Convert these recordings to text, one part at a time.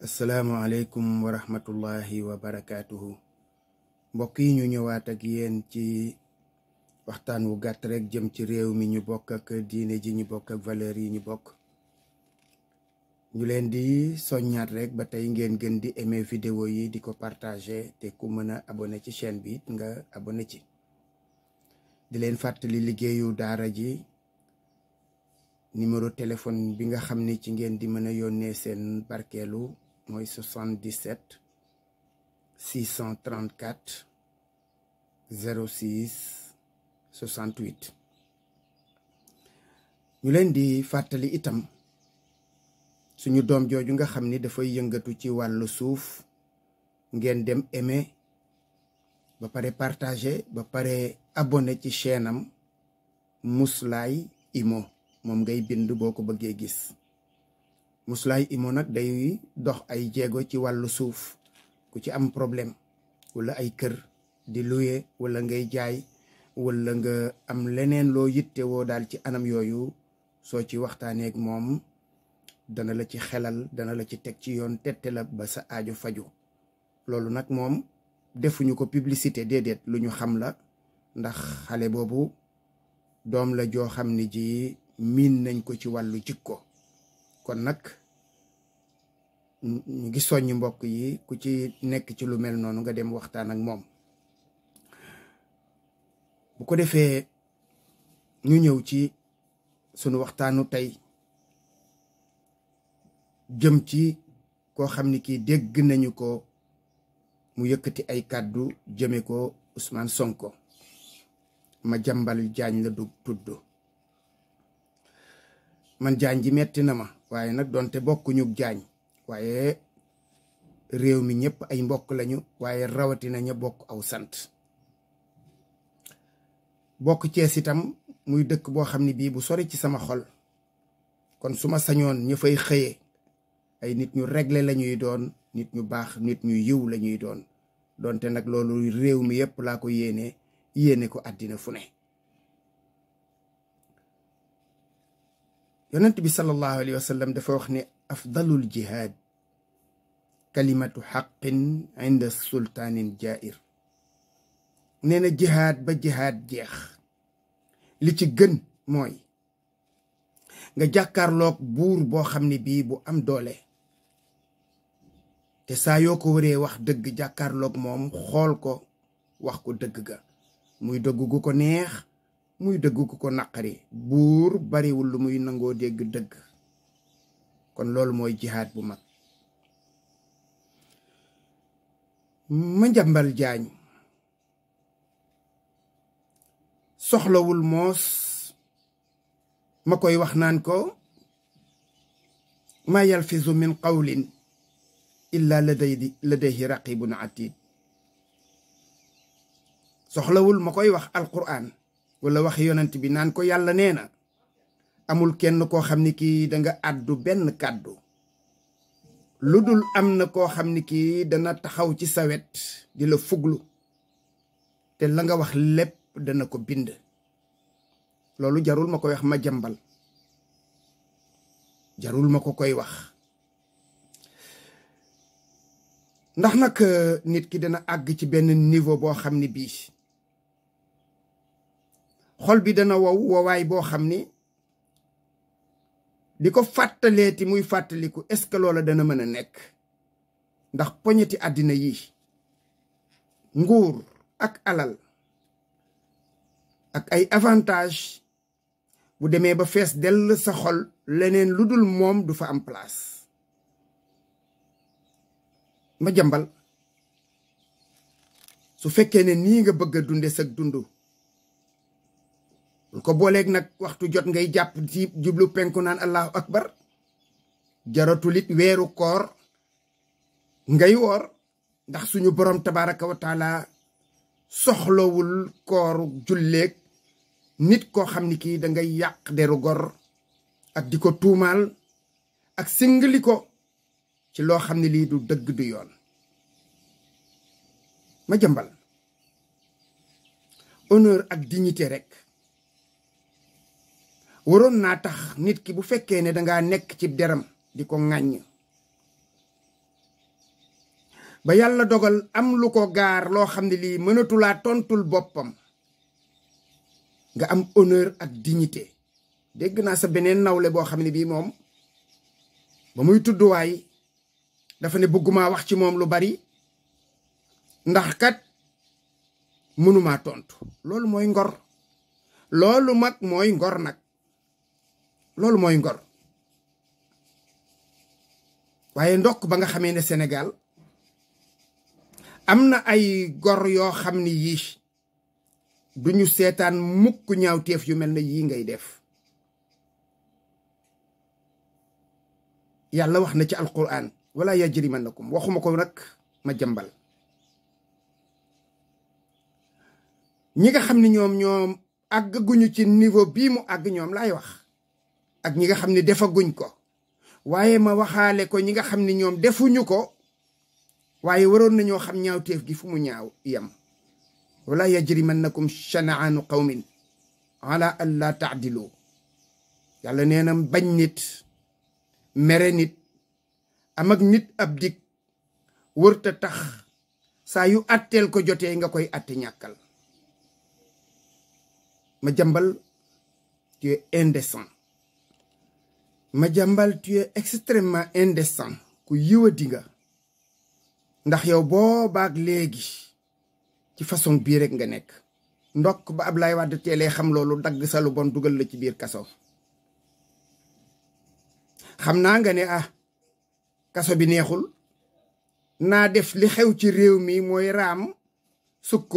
asalaamualeykum wa rahmatullahi wa barakaatuhu mbokk yi ñu ñëwaat ak yéen ci waxtaan wu gàtt rek jëm ci réew mi ñu bokk ak diine ji ñu bokk ak valeur yi ñu bokk ñu leen di soññaat rekk ba tey ngeen gën di aimer video yi di ko partager te ku mën a abonné ci chaîne biit nga abonné ci di leen fàttali liggéeyu daara ji numéro téléphone bi nga xam ni ci ngeen di mën a yónnee seen barkeelu mooy 77 634 06 68 ñu leen di fàttali itam suñu doom jooju nga xam ni dafay yëngatu ci wàllu suuf ngeen dem aimé ba pare partagé ba pare abonné ci chaîne am Mouslaye Imo moom ngay bind boo ko bëggee gis Mousselay Imo nag day dox ay jéego ci wàllu suuf ku ci am problème wala ay kër di luye walla ngay jaay walla nga am leneen loo yittewoo daal ci anam yooyu soo ci waxtaanee moom dana la ci xelal dana la ci teg ci yoon tette la ba sa ajo faju loolu nag moom defuñu ko publicité déedéet lu ñu xam la ndax xale boobu doom la joo xam ne ji miin nañ ko ci wàllu jikko kon nag ñu ngi soññ mbokk yi ku ci nekk ci lu mel noonu nga dem waxtaan ak moom bu ko defee ñu ñëw ci sunu waxtaanu tey jëm ci koo xam ni kii dégg nañu ko mu yëkkati ay kàddu jëme ko Ousmane Sonko ma jàmbal jaañ la du tudd man jaañ ji metti na ma waaye nag donte bokkuñu jaañ waaye réew mi ñëpp ay mbokk lañu waaye rawatina ña bokk aw sant bokk Cees itam muy dëkk boo xam ne bii bu sori ci sama xol kon su ma sañoon ñu fay xëyee ay nit ñu regle la ñuy doon nit ñu baax nit ñu yiw la ñuy doon donte nag loolu réew mi yëpp laa ko yéene yéene ko àddina fu ne yonent bi sallallahu alayhi wa dafa wax ne afdalul jihaad kalimatu xaqin inda sultaanin jair nee jihaad ba jihaad jeex li ci gën mooy nga jàkkaarloog buur boo xam ne bii bu am doole te saa yoo ko waree wax dëgg jàkkaarloog moom xool ko wax ko dëgg ga muy dëgg ko neex muy dëgg gu ko naqari buur bariwul lu muy nangoo dégg dëgg kon loolu mooy jihaad bu mag ma njàmbal jaañ soxlawul moos ma koy wax naan ko ma yalfizu min qawlin illa laday ladayhi raqibun atid soxlawul ma koy wax alquran wala wax yonent bi naan ko yàlla nee na amul kenn koo xam ni kii danga àddu benn kàddu lu dul am na koo xam ni kii dana taxaw ci sawet di la fuglu te la nga wax lépp dana ko bind loolu jarul ma koy wax ma jàmbal jarul ma ko koy wax ndax nag euh, nit ki dana àgg ci benn niveau boo xam ni bii xol bi dana wow wowaay boo xam ni di ko fàttalee ti muy fàttaliku est-ce que loola dana mën a nekk ndax poñeti àddina yi nguur ak alal ak ay avantage bu demee ba fees dell sa xol leneen lu dul moom du fa am place ma jàmbal su fekkee ne nii nga bëgg a dunde sag dund buñ ko booleeg nag waxtu jot ngay jàpp ci jublu penku naan allahu akbar jaratul it weeru koor ngay woor ndax suñu borom tabaraka wa taala soxlawul kooru julleeg nit koo xam ni kii dangay yàq deru gor ak di ko tuumaal ak singali ko ci loo xam ne lii du dëgg du yoon ma jëmbal honneur ak dignité rek waroon naa tax nit ki bu fekkee ne danga nekk ci deram di ko ŋàññ ba yàlla dogal am lu ko gaar loo xam ne lii mënatulaa tontul boppam nga am honneur ak dignité dégg naa sa beneen nawle boo xam ne bii moom ba muy tudduwaay dafa ne bëgguma wax ci moom lu bari ndax kat mënumaa tontu loolu mooy ngor loolu mag mooy ngor nag loolu mooy ngor waaye ndokk ba nga xamee ne Sénégal am na ay gor yoo xam ni yii ñu seetaan mukk ñaawteef yu mel ne yii ngay def yàlla wax na ci alquran wala yajrimannakum waxuma ko nag ma jëmbal ñi nga xam ni ñoom ñoom àgguñu ci niveau bii mu àgg ñoom laay wax ak ñi nga xam ne defaguñ ko waaye ma waxaale ko ñi nga xam ne ñoom defuñu ko waaye waroon nañoo xam ñaawteef gi fu mu ñaaw yam wala yajrimannakum shanaanu qawmin ala an laa taadilu yàlla nee na bañ nit mere nit am ak nit ab dig wërta tax saa yu atteel ko jotee nga koy atte ñàkkal ma jàmbal tu Madiambal tu es extrêmement indécent ku yiwadi nga ndax yow boo baag léegi ci façon bii rek nga nekk ndok ba Ablaye Wade teelee xam loolu dagg sa lu bon dugal la ci biir kaso xam naa nga ne ah kaso bi neexul naa def li xew ci réew mi mooy raam sukk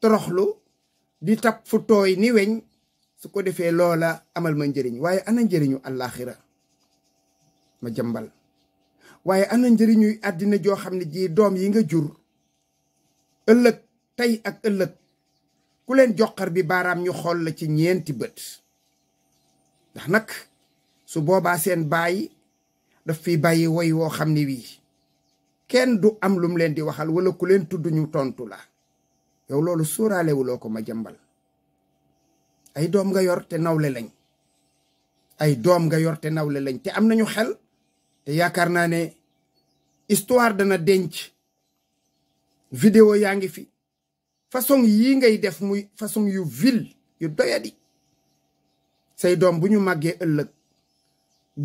toroxlu di tap fu tooy ni weñ su ko defee loola amal ma njariñ waaye ana njëriñu àllaaxira ma jëmbal waaye ana njëriñuy àddina joo xam ne ji doom yi nga jur ëllëg tey ak ëllëg ku leen joxar bi baaraam ñu xool la ci ñeenti bët ndax nag su boobaa seen baay daf fi bàyyi woy woo xam ne wii kenn du am lum leen di waxal wala ku leen tudd ñu tontu la yow loolu sóoraalewuloo ko ma jëmbal ay doom nga yor te nawle lañ ay doom nga yor te nawle lañ te am nañu xel te yaakaar naa ne histoire dana denc vidéo yaa ngi fi façon yii ngay def muy façon yu ville yu doyadi say doom bu ñu màggee ëllëg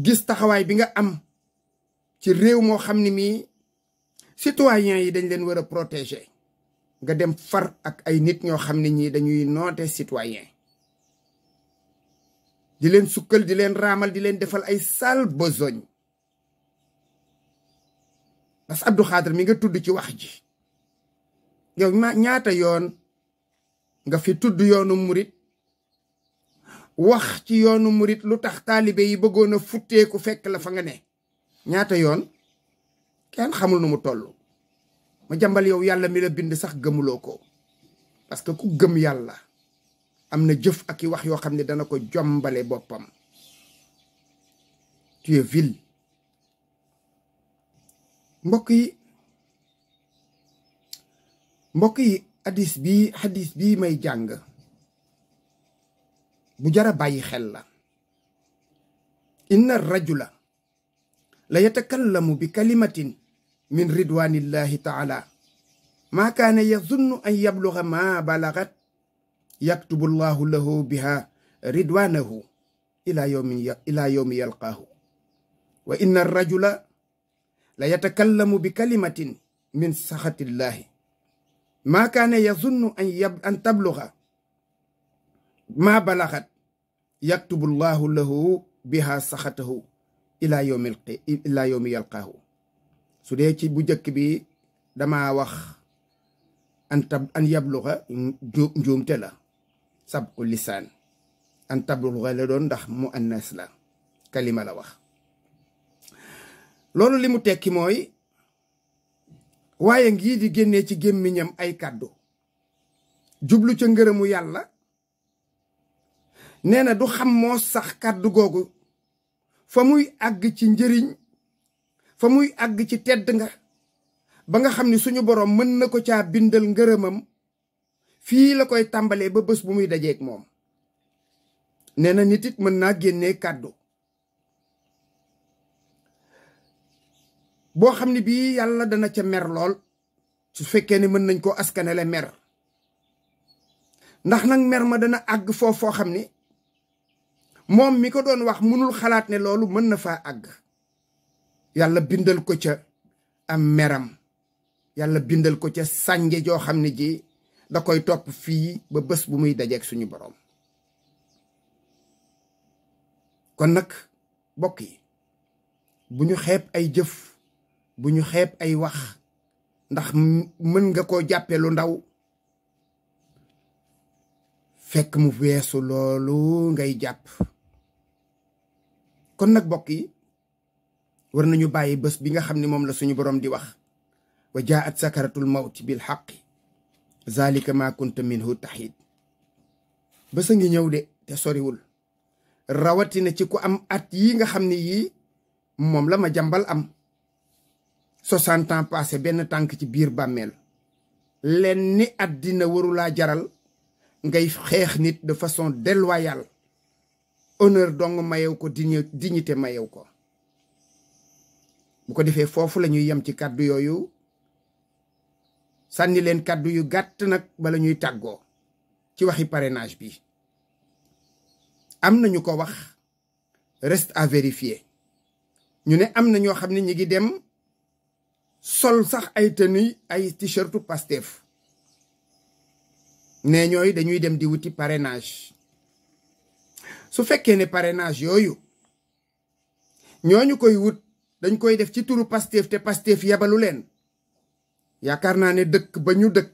gis taxawaay bi nga am ci réew moo xam ni mii citoyens yi dañ leen war a protéger nga dem far ak ay nit ñoo xam ne ñii dañuy noote citoyen di leen sukkal di leen raamal di leen defal ay sale besogne parce que Abdou mi nga tudd ci wax ji yow ma ñaata yoon nga fi tudd yoonu murit wax ci yoonu murit lu tax taalibe yi bëggoon a futteeku fekk la fa nga ne ñaata yoon kenn xamul nu mu toll ma jambal yow yàlla mi la bind sax gëmuloo ko parce que ku gëm yàlla am na jëf ak i wax yoo xam ne dana ko jombale boppam tu es vil mbokk yi mbokk yi hadis bii hadis bii may jàng bu jara bàyyi xel la inna rajula la yatakallamu bi kalimatin min ridwanillahi taala maa kaana yazunnu an yabluga maa balagat yaktubu llahu lahu biha ridwanahu ila yawmi ila yawmi yalqaahu wa inna arrajula la yatakallamu bi kalimatin min saxati llahi maa kaana yazunnu an yab an tabluga maa balaxat yaktubu llahu lahu biha saxatahu ila yawmi ila yawmi yalqaahu su dee ci bu njëkk bi dama wax an tab an yabluga njuumte la sabqu lisaan an tablugha la doon ndax mu annas la kalima la wax loolu li mu tekki mooy waaye ngi di génnee ci gémmiñam ay kàddu jublu ca ngërëmu yàlla nee na du xam moo sax kàddu googu fa muy àgg ci njëriñ fa muy àgg ci tedd nga ba nga xam ni suñu boroom mën na ko caa bindal ngërëmam fii la koy tàmbalee ba bés bu muy dajeeg moom nee na nit it mën naa génnee kàddu boo xam ne bii yàlla dana ca mer lool su fekkee ne mën nañ koo askaneele mer ndax nag mer ma dana àgg foofu foo xam ne moom mi ko doon wax mënul xalaat ne loolu mën na faa àgg yàlla bindal ko ca am meram yàlla bindal ko ca sànje joo xam ne ji da koy topp fii ba bés bu muy dajeeg suñu boroom kon nag bokk yi bu ñu xeeb ay jëf bu ñu xeeb ay wax ndax mën nga koo jàppee lu ndaw fekk mu weesu loolu ngay jàpp kon nag bokk yi war nañu bàyyi bés bi nga xam ni moom la suñu boroom di wax wa jaat sakaratul mawt bil xaqi zalika ma kunta minhu tahid bés a ngi ñëw de te soriwul rawatina ci ku am at yi nga xam ne yii moom la ma jàmbal am soixante ans passé benn tànk ci biir bàmmeel leen ni àddina warulaa jaral ngay xeex nit de façon déloyale honneur dong mayew ko dignité mayew ko bu ko defee foofu la ñuy yem ci kàddu yooyu sànni leen kàddu yu gàtt nag bala ñuy tàggoo ci waxi parrainage bi am na ñu ko wax reste à vérifier ñu ne am na ñoo xam ne ñi ngi dem sol sax ay tenue ay t-shirtu Pastef ne ñooy dañuy dem di wuti parrainage su fekkee ne parrainage yooyu ñooñu koy wut dañ koy def ci turu Pastef te Pastef yabalu leen yaakaar naa ne dëkk ba ñu dëkk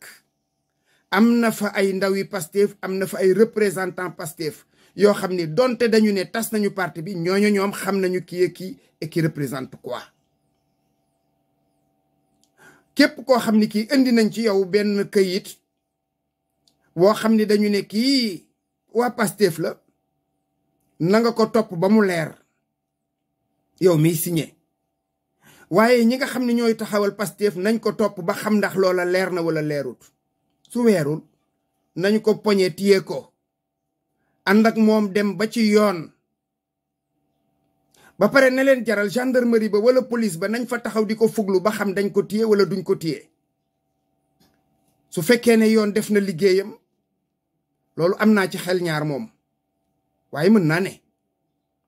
am na fa ay ndawi Pastef am na fa ay représentant Pastef yoo xam ne donte dañu ne tas nañu parti bi ñooñu ñoom xam nañu qui est qui et qui képp koo xam ne kii indi nañ ci yow benn kayit woo xam ne dañu ne kii waa Pastef la na nga ko topp ba mu leer yow miy signé waaye ñi nga xam ne ñooy taxawal Pastef nañ ko topp ba xam ndax loola leer na wala leerut su weerul nañ ko poñe téye ko ànd ak moom dem ba ci yoon ba pare na leen jaral gendarmerie ba wala police ba nañ fa taxaw di ko fuglu ba xam dañ ko téye wala duñ ko téye su fekkee ne yoon def na liggéeyam loolu am naa ci xel ñaar moom waaye mën naa ne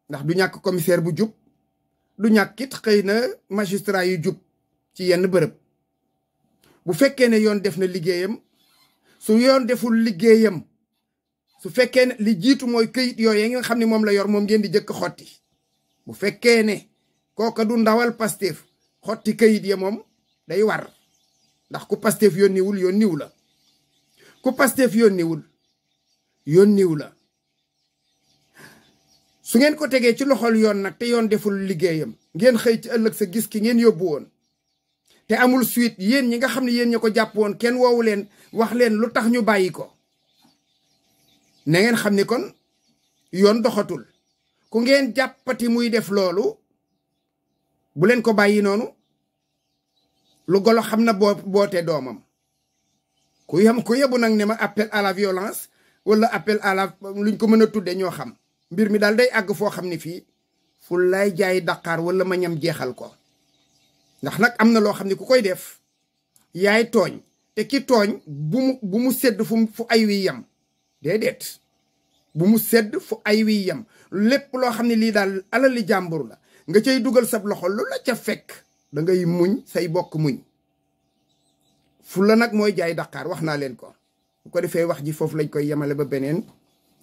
ndax du ñàkk commissaire bu jub du ñàkkit xëy na magistrat yu jub ci yenn bërëb bu fekkee ne yoon def na liggéeyam su yoon deful liggéeyam su fekkee ne li jiitu mooy këyit yooyu nga xam ne moom la yor moom ngeen di jëkk xotti bu fekkee ne kooka du ndawal Pastef xotti këyit ya moom day war ndax ku Pastef yónniwul yónniw la ku Pastef yónniwul yónniw la su ngeen ko tegee ci loxol yoon nag te yoon deful liggéeyam ngeen xëy ci ëllëg sa gis ki ngeen yóbbu woon te amul suite yéen ñi nga xam ne yéen ña ko jàpp woon kenn woowu leen wax leen lu tax ñu bàyyi ko na ngeen xam ni kon yoon doxatul ku ngeen jàppati muy def loolu bu leen ko bàyyi noonu lu golo xam na boo boote doomam ku yam ku yebu nag ne ma appel à la violence wala appel à la luñ ko mën a tudde ñoo xam mbir mi daal day àgg foo xam ne fii fu lay jaay daqaar walla ma ñam jeexal ko ndax nag am na loo xam ne ku koy def yaay tooñ te ki tooñ bu mu sedd fu fu ay wi yem déedéet bu mu sedd fu ay wi yem lépp loo xam ne lii daal alali jàmbur la nga cey dugal sab loxo lu la ca fekk da muñ say bokk muñ fu la nag mooy jaay daqaar wax naa leen ko bu ko defee wax ji foofu lañ koy yemale ba beneen